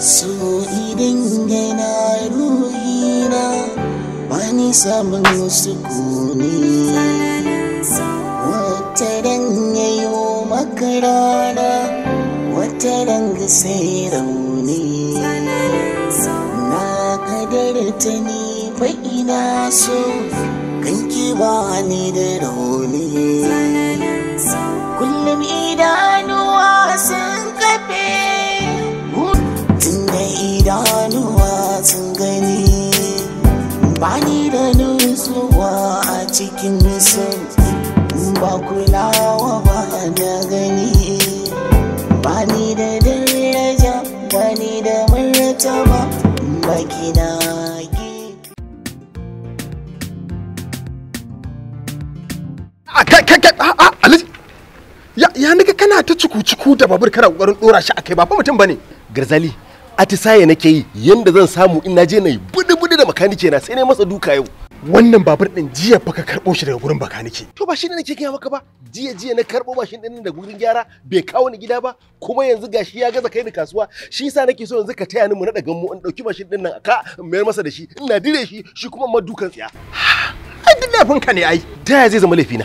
so idan gaina ruhina wani samun kone, wata ran yayo maka rana wata ran sai rauni na kadarta ni fa ina so kan ki ba ni da rauni bani da daraja bani da martaba magina ah, ah, ah, ya nika kana ta ciku ciku da babur kana kokarin dora shi akai ba fa mutum bane garzali atisaye nake yi yanda zan samu in naje na yi budi-budi da makanike na sai ne masa duka yau wannan babur din jiya fa ka karbo shi daga gurin bakanike to ba shi ne nake gaya maka ba jiya jiya na karbo mashin din daga gurin gyara bai kawo ni gida ba kuma yanzu gashi ya gaza kai ni kasuwa shi yasa nake so yanzu ka taya ni mu na daga mu in dauki mashin din nan ka mayar masa da shi ina dire shi shi kuma ma dukan tsiya ai duk laifin ka ne ai da zai zama laifina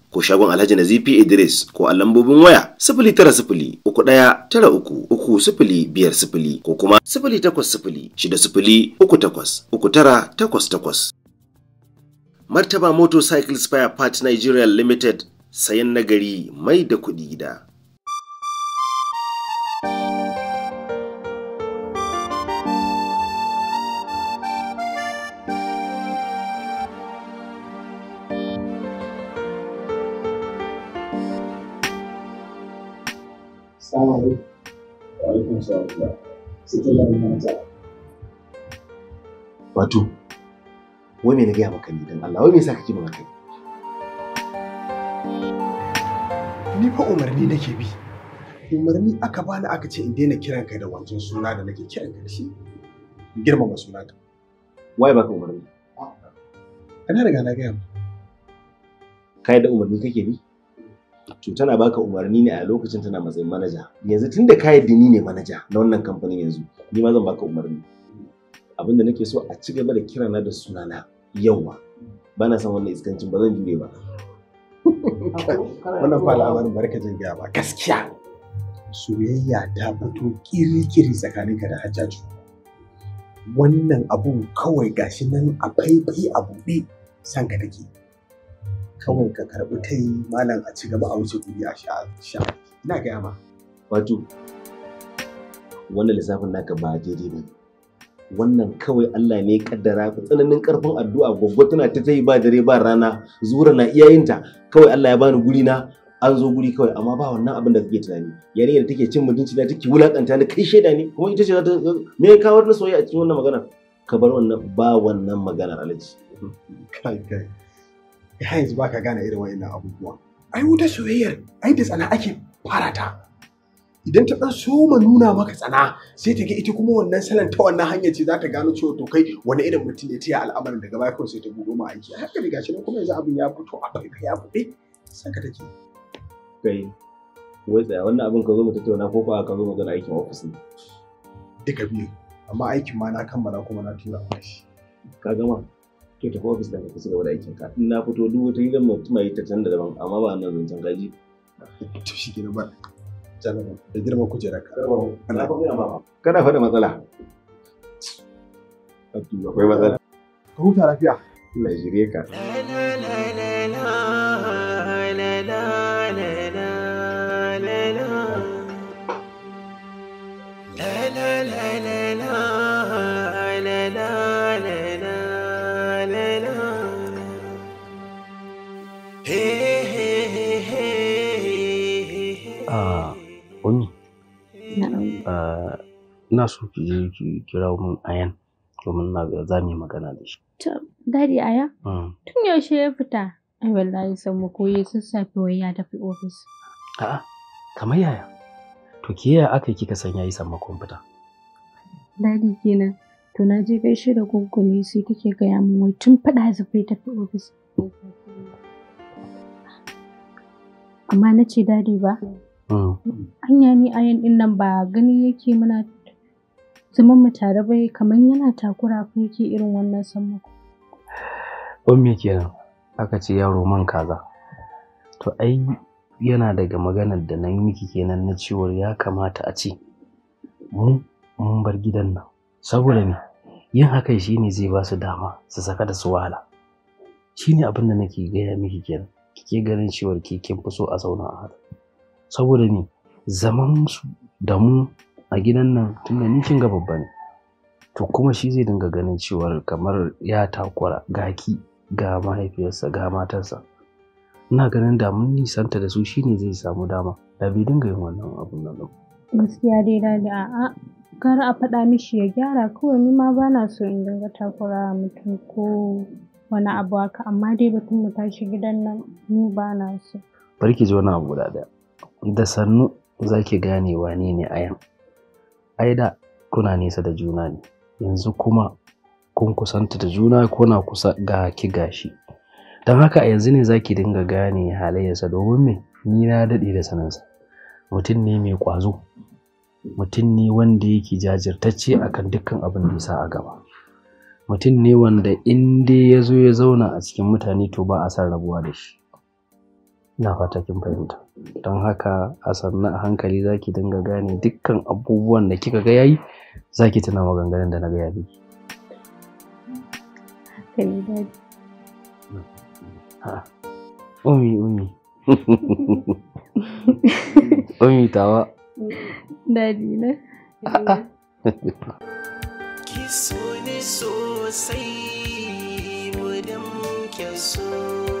ko shagon Alhaji Nazifi Idris ko a lambobin waya sifili tara sifili uku ɗaya tara uku uku sifili biyar sifili ko kuma sifili takwas sifili shida sifili uku takwas uku tara takwas takwas. Martaba Motorcycle Spare Part Nigeria Limited sayan nagari mai da kuɗi gida. wato wai me na gaya maka ni dan Allah wai me yasa kake mun kai ni fa umarni nake bi umarni aka bani aka ce in daina kiran ka da wancan suna da nake kiran ka shi girmama suna ka Wai baka umarni Ana riga na gaya ma kai da umarni kake bi to tana baka umarni ne a lokacin tana matsayin manaja yanzu tun da kayan dini ne manaja na wannan kamfanin yanzu ni ma zan baka umarni abin da nake so a ci gaba da kirana da sunana yauwa ba na san wannan iskancin ba zan jure ba wannan fa labarin barka jin gaya ba gaskiya soyayya ta fito ƙirikiri tsakanin ka da hajjaju wannan abun kawai gashi nan a faifai a buɗe sanka take kawai ka karɓi ta yi malam a ci gaba a wuce kuɗi a sha ina gaya ma wato wannan lissafin naka ba daidai ba wannan kawai Allah ne kaddara ku tsananin karfin addu'a goggo tana ta tayi ba dare ba rana zura na iyayinta kawai Allah ya bani guri na an zo guri kawai amma ba wannan abin da kake tunani yarinyar take cin mutunci na take wulakanta ni kai shaida ne kuma ita ce za ta me ka kawo soyayya a cikin wannan magana ka bar wannan ba wannan maganar alaji kai kai har yanzu baka gane irin wa'annan abubuwa ai wuta soyayyar ai da tsana ake fara ta idan ta dan soma nuna maka tsana sai ta ga ita kuma wannan salon ta wannan hanya ce za ta gano cewa to kai wani irin mutum ne ta al'amarin daga baya kawai sai ta gudu ma aiki haka ne shi nan kuma yanzu abin ya fito a kai ya buɗe saka take kai wai tsaya wannan abin ka zo mu tattauna ko ba ka zo mu gana aikin ofis ne duka biyu amma aikin ma na kammala kuma na tura ma shi ka gama ke tafi ofis da ka cigaba da aikin ka na fito duk wata hirar mutum yi ta can daban amma ba nan zancen gaji to shi ke ba jalaba da girma kujera ka kana fada matsala akwai matsala ka huta lafiya Allah ka ina so ki je ki kira mun ayan domin na za mu yi magana da shi. Dadi aya? Mm. Tun yaushe ya fita? Ai wallahi san mu koyi sassafe wai ya tafi ofis. A'a kamar yaya? To ke yaya aka kika san yayi sammakon fita? Dadi kenan. To na je gaishe da gungu ne sai take gaya min wai tun faɗa zafi tafi ofis. Amma na ce dadi ba? Hanya mm. ni ayan din nan ba gani yake muna zaman mu tare bai kamar yana takura ko yake irin wannan sammako. Ban me kenan aka ce yaro man kaza. To ai yana daga maganar da na yi miki kenan na cewar ya kamata a ce mu mun bar gidan nan. Saboda ni, yin hakan shine zai ba su dama su saka da su wahala. Shine abin da nake gaya miki kenan. Kike ganin cewar ke kin fi so a zauna a haka. Saboda ni, zaman su da mu a gidan nan tunda ni kin ga babba ne to kuma shi zai dinga ganin cewar kamar ya takura ga ki ga mahaifiyarsa ga matarsa ina ganin da mun nisanta da su shine zai samu dama da bai dinga yin wannan abun nan gaskiya dai da a'a Kar a faɗa mishi ya gyara kawai ni ma ba na so in dinga takura mutum ko wani abu haka amma dai batun mu tashi gidan nan ni ba na so bari ki ji wani abu da da sannu za ki gane wane ne ayan ai da kuna nesa da juna ne yanzu kuma kun kusanta da juna ko na kusa ga ki gashi don haka a yanzu ne zaki dinga gane halayyarsa domin me ni na daɗe da sanansa mutum ne mai ƙwazo mutum ne wanda yake jajirtacce akan dukkan abin da ya a gaba mutum ne wanda in dai ya zo ya zauna a cikin mutane to ba a san rabuwa da shi Ina fata kin fahimta. Don haka a sannu a hankali za ki dinga gane dukkan abubuwan da kika ga yayi za ki tuna maganganun da na gaya miki. Umi, umi. Umi tawa. Dadi na. Ki so ne sosai, mu da ke so.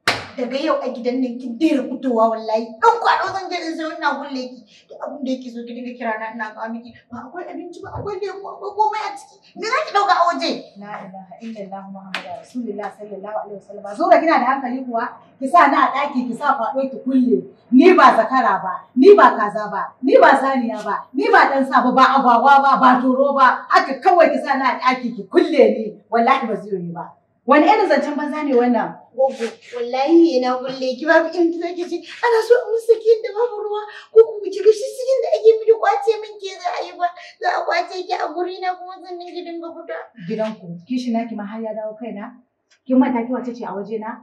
daga yau a gidan nan kin daina fitowa wallahi dan kwado zan je in sayo ina gulle ki duk abin da yake so ki dinga kira na ina ga miki ba akwai abinci ba akwai lemu akwai komai a ciki me za ki dauka a waje la ilaha illallah muhammadu rasulullah sallallahu alaihi wasallam zo kina da hankali kuwa ki sa na a daki ki sa kwado ki kulle ni ba zakara ba ni ba kaza ba ni ba saniya ba ni ba dan sa ba ba agwagwa ba ba toro ba haka kawai ki sa na a daki ki kulle ni wallahi ba zai yi ba wani irin zancen banza ne wannan Gogo, wallahi ne na bulle ki babu in da zaki ce ana so in musu da babu ruwa ko ku ci gashi sigin da ake mini kwace min ke za a yi ba za a kwace ki a guri na kuma sannan ki dinga fita. Gidan ku kishi na ki ma har ya dawo kaina kin manta ki wace ce a waje na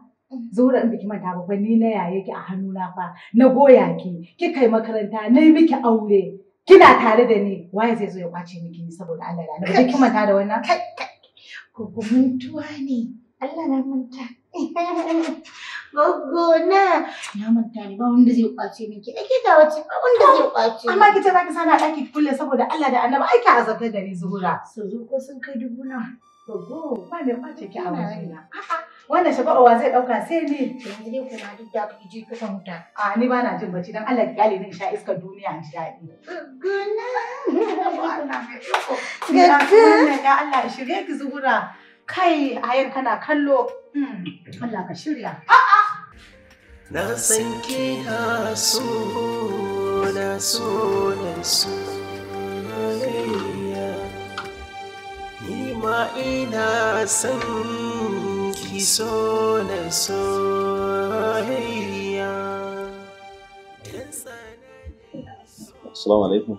Zura in biki manta ba ni na yaye ki a hannuna fa na goya ki ki kai makaranta na yi miki aure kina tare da ni waye zai zo ya kwace miki saboda Allah ya ki manta da wannan ko muntuwa ne Allah na manta Gogona. Na Na manta ne ba wanda zai kwace min ki. Ake ga wace ba wanda zai kwace. Oh, amma ki ce za ki sana ɗaki kulle saboda Allah da Annabi ai ki azabtar da ni zuhura. Su ko sun kai dubu na. Gogo ba mai kwace ki a wajena. Wannan shafa'uwa zai ɗauka sai ni. Yanzu dai kuma duk da ki je kuka huta. A ni ba na jin bacci dan Allah ki kyale ni sha iskar duniya ji daɗi. Gogona. Gogona. Ga Allah shirye ki zuhura. Kai hayar kana kallo Hmm. Allah ka shirya. Na san kina na so na so ma ina san ki so soyayya. Assalamu alaikum.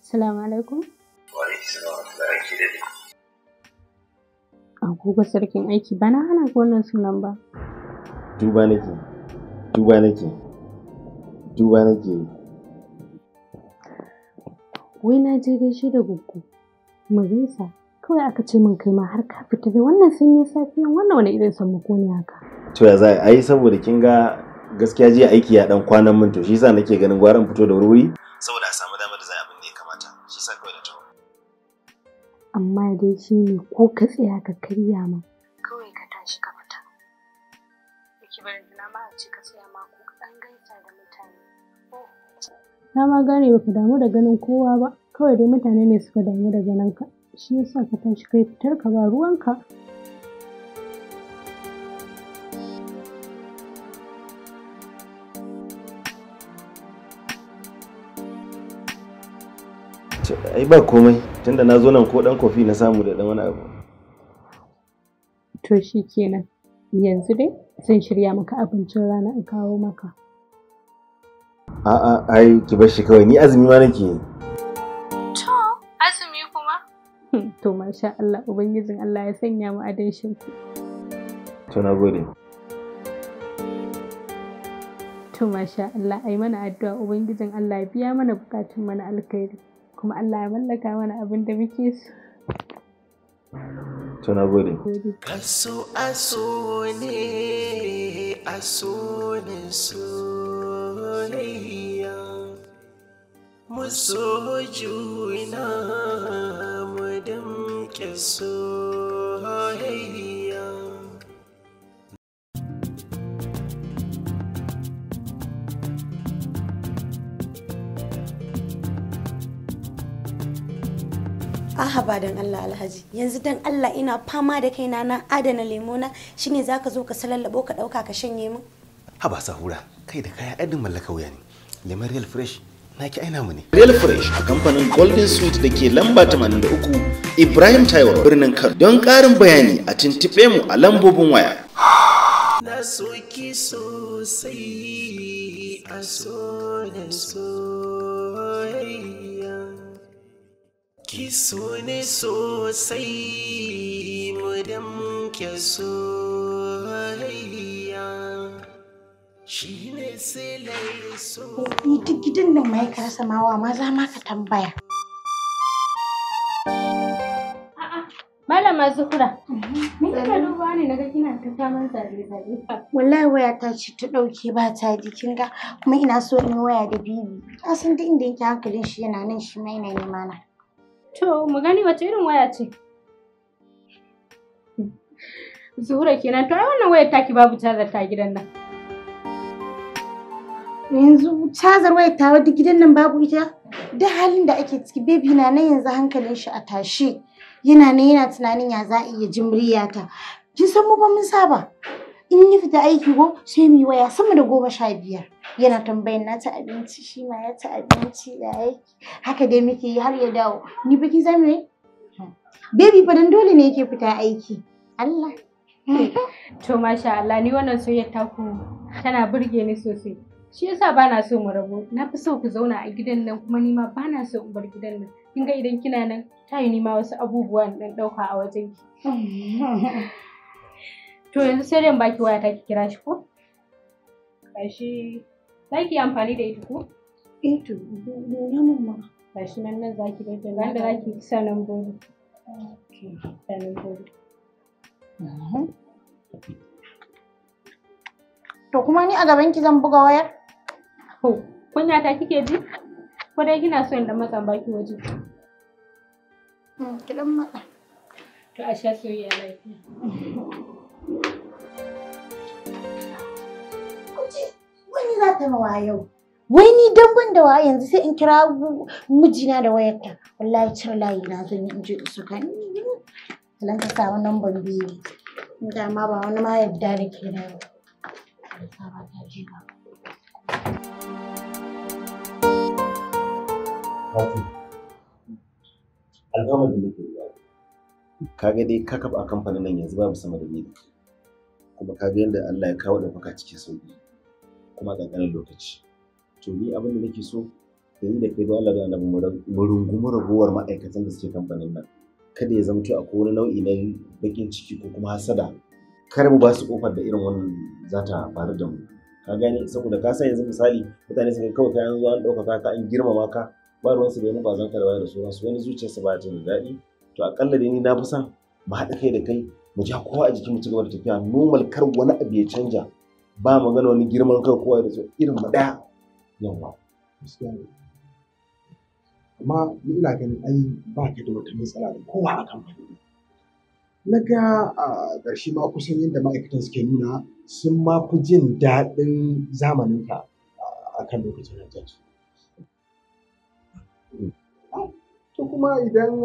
Assalamu alaikum. Wa alaikum salam. agogo sarkin aiki ba na hana wannan sunan ba duba nake duba nake duba nake wai na je gaishe da gugu Marisa, kawai aka ce min kai ma har ka fita da wannan sanyi safiyan wannan wani irin sammako ne haka to ya za a yi saboda kin ga gaskiya jiya aiki ya dan kwanan min to shi yasa nake ganin gwaran fito da wuri saboda a samu damar da za a abin da ya kamata shi yasa kawai amma dai shi ne ko ka tsaya ka karya ma kawai ka tashi ka fita yake bari na ma a ce ka tsaya ma ko ka dan gaita da mutane na ma gane baka damu da ganin kowa ba kawai dai mutane ne suka damu da ganin ka shi yasa ka tashi kai fitar ka ba ruwanka ai ba komai tunda na zo nan ko dan kofi na samu da dan wani abu to shi kenan yanzu dai zan shirya maka abincin rana in kawo maka a'a ai ki bar shi kawai ni azumi ma nake to azumi kuma hmm, to masha Allah ubangijin Allah ya sanya mu adan shi to na gode to masha Allah ai mana addu'a ubangijin Allah ya biya mana bukatun mana alkhairi kuma Allah ya mallaka mana abin da muke so. Tuna gode. Kaso aso ne aso ne soyayya mu so juna mu damke so. Ahaba ba dan Allah Alhaji yanzu dan Allah ina fama da kaina na adana lemona shine zaka zo ka salallabo ka dauka ka shanye min. Haba sahura kai da kaya ɗan mallaka wuya ne. Lemon Real Fresh naki aina mu ne. Real Fresh a kamfanin Golden Sweet da ke lamba 83 Ibrahim Taiwo birnin Kano. Don ƙarin bayani a tuntuɓe mu a lambobin waya. Na soki sosai a so da soyayya. ki so ne sosai mu damke soyayya shi ne silai so ni duk gidan nan mai ka samawa maza ma ka tambaya Malama Zuhura, ni kika duba ne naga kina ta saman zare zare. Wallahi waya ta ce ta dauke ba ta ji kin ga kuma ina so in waya da bibi. Ka san duk inda yake hankalin shi yana nan shi ma yana nema na. To, mu gani wace irin waya ce? Zuhura kenan, to ai wannan wayar taki babu cazar ta gidan nan. Yanzu cazar wayar ta wadda gidan nan babu ita? Da halin da ake ciki, bebi na nan yanzu hankalin shi a tashe. Yana nan yana tunanin ya za a iya jin muryata. Kin san mu ba mun saba. in ya fita aiki ko sai mu waya sama da goma sha biyar yana tambayan na ta abinci shi ma ya ta abinci da aiki haka dai muke yi har ya dawo ni baki zamu yi baby fa dan dole ne yake fita aiki Allah to masha Allah ni wannan ta ku tana burge ni sosai shi yasa bana so mu rabu na fi so ku zauna a gidan nan kuma ni ma bana so in bar gidan nan kin ga idan kina nan tayi ni ma wasu abubuwan dan dauka a wajenki To yanzu sai dai in baki waya ta ki kira shi ko? Kashi za ki yi amfani da ita ko? Eh to nuna min ma. nan nan za ki bai da nan da za ki sa ta nan lambobi. Mhm. To kuma ni a gaban ki zan buga waya? Ko kunya ta kike ji? Ko dai kina so in dan matsan baki waje? Hmm, ki dan matsa. To a sha soyayya lafiya. za ta mawa yau? Wai ni dan ban da waya yanzu sai in kira mijina da wayarta. Wallahi cin layi na zo in je in suka ni. Nan ka samu namban biyu. Da ma ba wani ma yadda da ke da ba. Alhamar da nake yi. ga dai ka kafa kamfanin nan yanzu babu sama da ni ba kuma ga yadda Allah ya kawo da baka cikin sauki. kuma ƙanƙanin lokaci to ni abin da nake so da ni da kai don Allah da mu ragowar ma'aikatan da suke kamfanin nan kada ya zamto a wani nau'i na bakin ciki ko kuma hasada kar mu ba su kofar da irin wannan zata ta faru da mu ka gane saboda ka san yanzu misali mutane sun kawai kayan zuwa an ɗaukaka ka an girmama ka ba ruwan su da yamma bazan ka da wani da su wasu wani zuciyarsa ba ta da daɗi to ƙalla dai ni na fi son mu haɗa kai da kai mu ja kowa a jikin mu ci gaba da tafiya normal kar wani abu ya canja ba magana wani girman kai kowa da su irin mu yawa amma ni ina ganin ai ba ka da wata matsala da kowa a kan na ga a ƙarshe ma kusan yadda ma'aikatan suke nuna sun ma fi jin daɗin zamaninka a kan lokacin hajjaji to kuma idan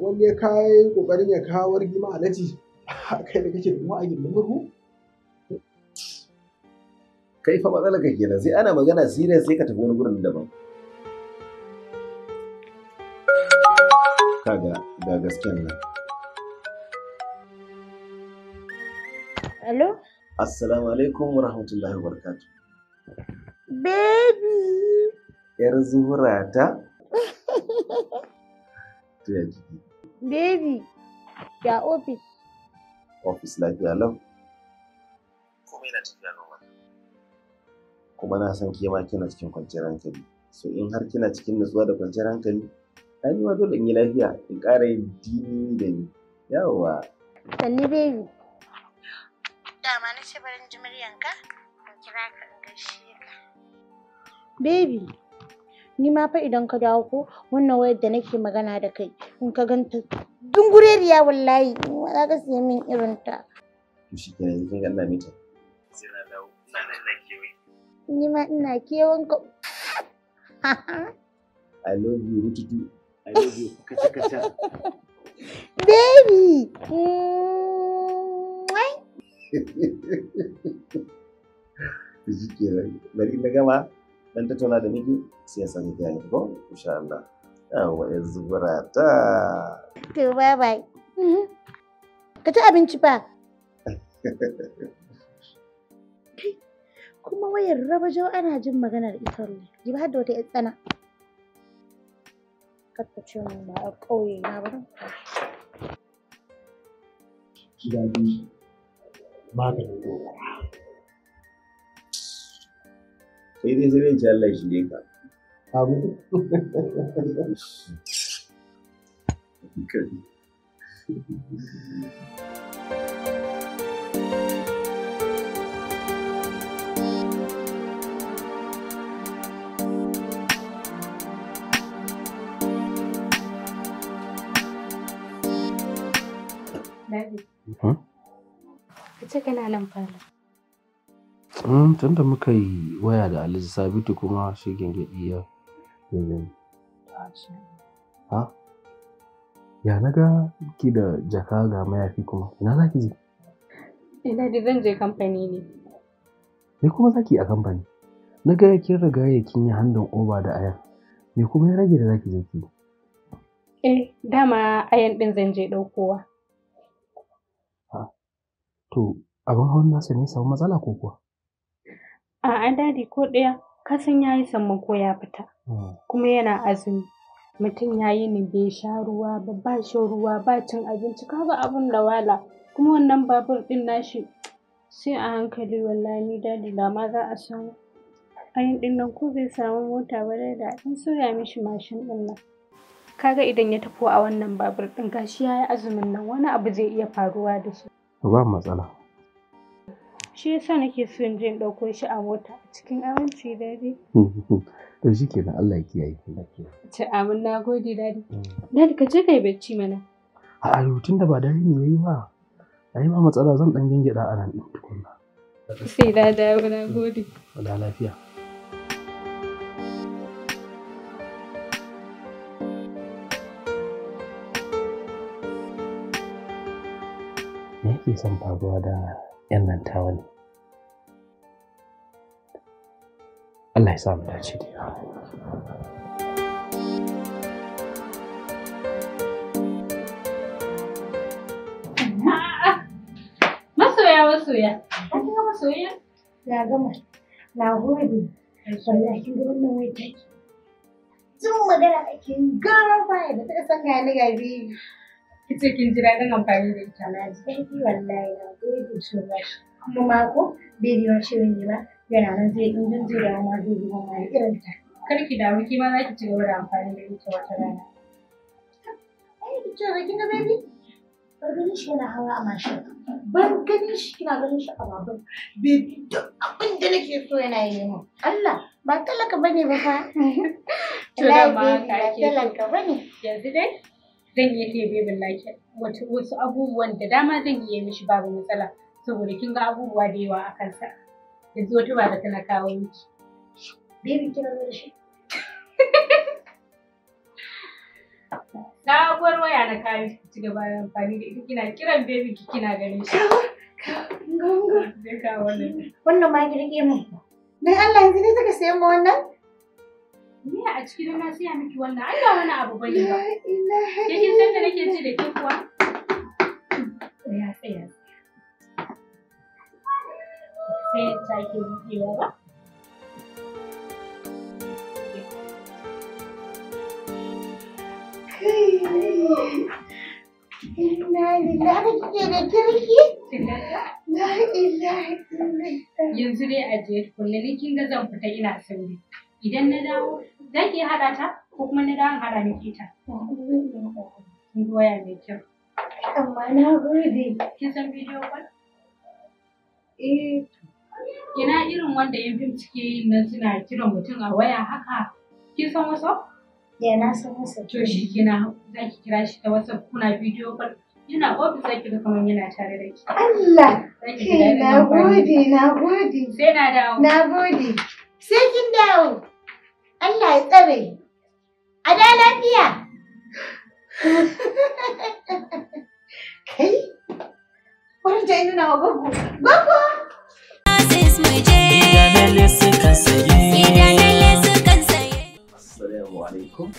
wani ya kai ƙoƙarin ya kawo rigima a kai da kake da ma'aikatan murhu kai fa matsala ka kenan sai ana magana serious sai ka tafi wani gurin daban kaga ga gaskiya nan Hello? Assalamu alaikum wa rahmatullahi wa barakatu. Baby! ‘Yar zuhura ta? To ya ji Baby, ya Office Ofis lafiya lau. Komai na tafiya lau. kuma na san ke ma kina cikin kwanciyar hankali so in har kina cikin nutsuwa da kwanciyar hankali ai ma dole in yi lafiya in ƙara yin dini da ni yawa sanni baby dama na ce barin ji muryanka in kira ka in gaishe ka baby ni ma fa idan ka dawo ko wannan wayar da nake magana da kai in ka ganta riya wallahi za ka siya min irin ta to shi kenan kin ga ina mita ni ma ina kewan ka I love you rututu I love you kacha-kacha. baby Mwai! Ji kenan bari na gama dan tattauna da miki sai ya sami ya ko insha Allah yawa ya zubura ta to bye bye mhm. ka ci abinci fa kuma wayar rabajau ana jin maganar ita ne ji ba da wata ƴar tsana karka ce ba a na ba sai dai sai Allah shi ne ka abu Kace Tun da muka yi waya da Alhaji Sabitu kuma shi gyangyaɗi ya gani. Ha? Ya na ga ki da jaka ga mayafi kuma, ina za ki je? Ina da zan je kamfani ne. Me kuma za ki a kamfani? Na ga kin riga kin yi handan oba da aya, Me kuma ya rage da za ki je ki? Eh, dama ayan ɗin zan je ɗaukowa. To, abin hawan nasa ne samu matsala ko kuwa? A an dadi ko ɗaya kasan ya yi samman ko ya fita. Hmm. Kuma yana azumi. Mutum ya yi ni bai sha ruwa ba, ba shan ruwa, ba cin abinci, kaga abin da wala. Kuma wannan babur ɗin nashi sai a hankali wallahi ni dadi da ma za a samu. Ayin ɗin nan ko zai samu mota ba dai da in soya mishi mashin ɗin nan. Kaga idan ya tafi a wannan babur ɗin gashi ya yi azumin nan wani abu zai iya faruwa da shi. ba matsala shi yasa nake so in je in ɗauko shi a mota cikin aminci dadi to shi kenan Allah ya kiyaye ta amin na gode dadi mm. dadi ka je kai bacci mana a rutun da ba dare ne yayi ba ai ma matsala zan dan gingida a nan din tukunna sai da dawo na gode da lafiya son faruwa da 'yan nan tawa ne Allah ya sa mu dace da yawa masoya masoya an masoya ya gama na gode wallahi kin ga wannan wai take tun magana ake gara baya da ta san ga ni ga biyu kice kin ji daɗin amfani da ita. Na ji wallahi na gode so much. Kuma mako bai biyo shirin ne ba yana nan zai in zan zai ma zai zuwa ma irin ta. Kar ki damu ki ma za ki ci gaba da amfani da ita wata rana. Ai ki ce ga baby. Bar ganin shi yana hawa a mashin. Bar ganin shi kina ganin shi a babur. Baby duk abin da nake so yana yi min. Allah ba talaka bane ba fa. To da ma ka ke. talaka bane. Yanzu dai zan iya taya bebin lakin wasu abubuwan da dama zan iya mishi babu matsala saboda kin ga abubuwa da yawa a kansa yanzu wata ba da tana kawo miki bebin kina da shi sabuwar waya na kayan ki ci gaba da amfani da ita kina kiran bebin ki kina ganin shi wannan ma ki rike mu dan Allah yanzu ne saka sayan mu wannan Ni a ciki na siya miki wannan ai ba wani abu bane ba. Ke kin san da nake ji da ke kuwa? Ya tsaya. Sai ta ke buɗewa ba? Yanzu dai a je kunne ni kin ga zan fita ina sauri. idan na dawo zan iya haɗa ta ko kuma na dawo haɗa miki ita. Kin goya mai kyau. Amma na gode. Kin san bidiyo kwan? Eh. Ina irin wanda ya fi suke yin nan suna kira mutum a waya haka. Kin san wasu? Ya na san wasu. To shi kina za ki kira shi ta wasu kuna bidiyo kwan. Yana ofis za ki ga kamar yana tare da ki. Allah! Ke na gode, na gode. Sai na dawo. Na gode. Sai kin dawo. Allah ya tsare. A da lafiya. Kai, wani nuna wa gogo. Gogo! Assalamu alaikum.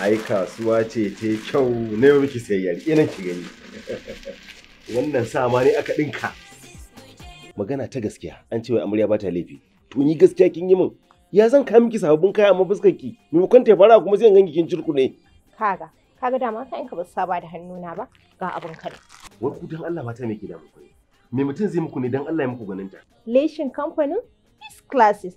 Ai kasuwa ce ta kyau ina ki gani. Wannan sama ne aka ɗinka. magana ta gaskiya an ce wai amarya ba ta laifi to ni gaskiya kin yi min ya zan kawo miki sababbin kaya amma fuskar ki maimakon ta fara kuma sai ganki kin cirku ne kaga kaga dama ka in ka ba saba da hannuna ba ga abin kare wai ku dan Allah mata me ke da muku ne me mutum zai muku ne dan Allah ya muku ganin ta leshin kamfanin class classes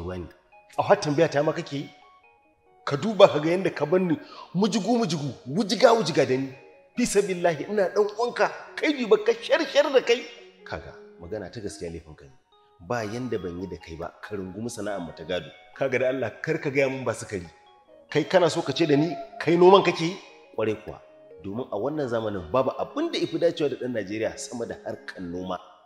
faruwa ne a hatta tambaya ta ma kake ka duba ka ga yadda ka bar ni mujigu mujigu wujiga wujiga da ni fi sabillahi ina dan uwanka kai bi baka sharshar da kai kaga magana ta gaskiya laifin kai, ba yanda ban yi da kai ba ka rungumi sana'ar mata gado kaga da Allah kar ka gaya min ba sukari kai kana so ka ce da ni kai noman kake yi kwarai kuwa domin a wannan zamanin babu abin da ifi dacewa da ɗan Najeriya sama da harkar noma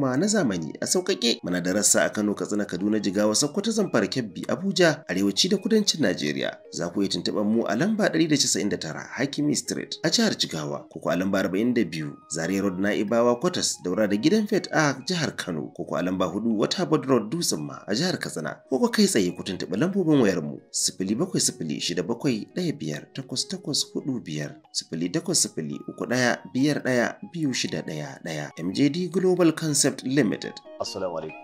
noma na zamani a sauƙaƙe mana da rassa a Kano Katsina Kaduna Jigawa Sokoto Zamfara Kebbi Abuja arewaci da kudancin Najeriya za ku iya tuntuɓar mu a lamba da 199 Hakimi Street a jihar Jigawa ko a lamba 42 Zaria Road Naibawa Kwatas daura da gidan Fet a jihar Kano ko a lamba wata Waterboard Road Dutsen ma a jihar Katsina ko kai tsaye ku tuntuɓi lambobin wayar mu 0706715845 0800 315 biyu shida ɗaya ɗaya MJD Global Concept Concept Limited. Assalamu alaikum.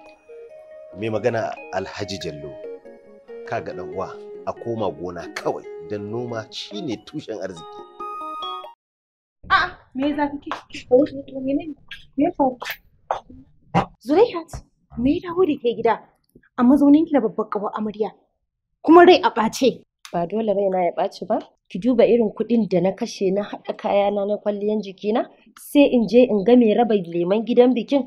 Mai magana Alhaji Jallo. Kaga dan uwa a koma gona kawai don noma shine tushen arziki. A'a, me za ka ke? Me Zulaihat, me ya dawo da ke gida a mazauninki da babbar kawo amarya kuma rai a ɓace. Ba dole raina ya ɓace ba, ki duba irin kuɗin da na kashe na haɗa kayana na kwalliyan jikina sai in je in ga mai raba leman gidan bikin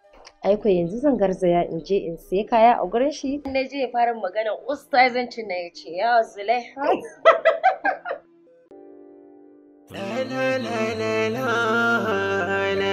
aiko yanzu zan garzaya in je in sai kaya a gurin shi na je fara magana ustazancin na ya ya zule la la la la la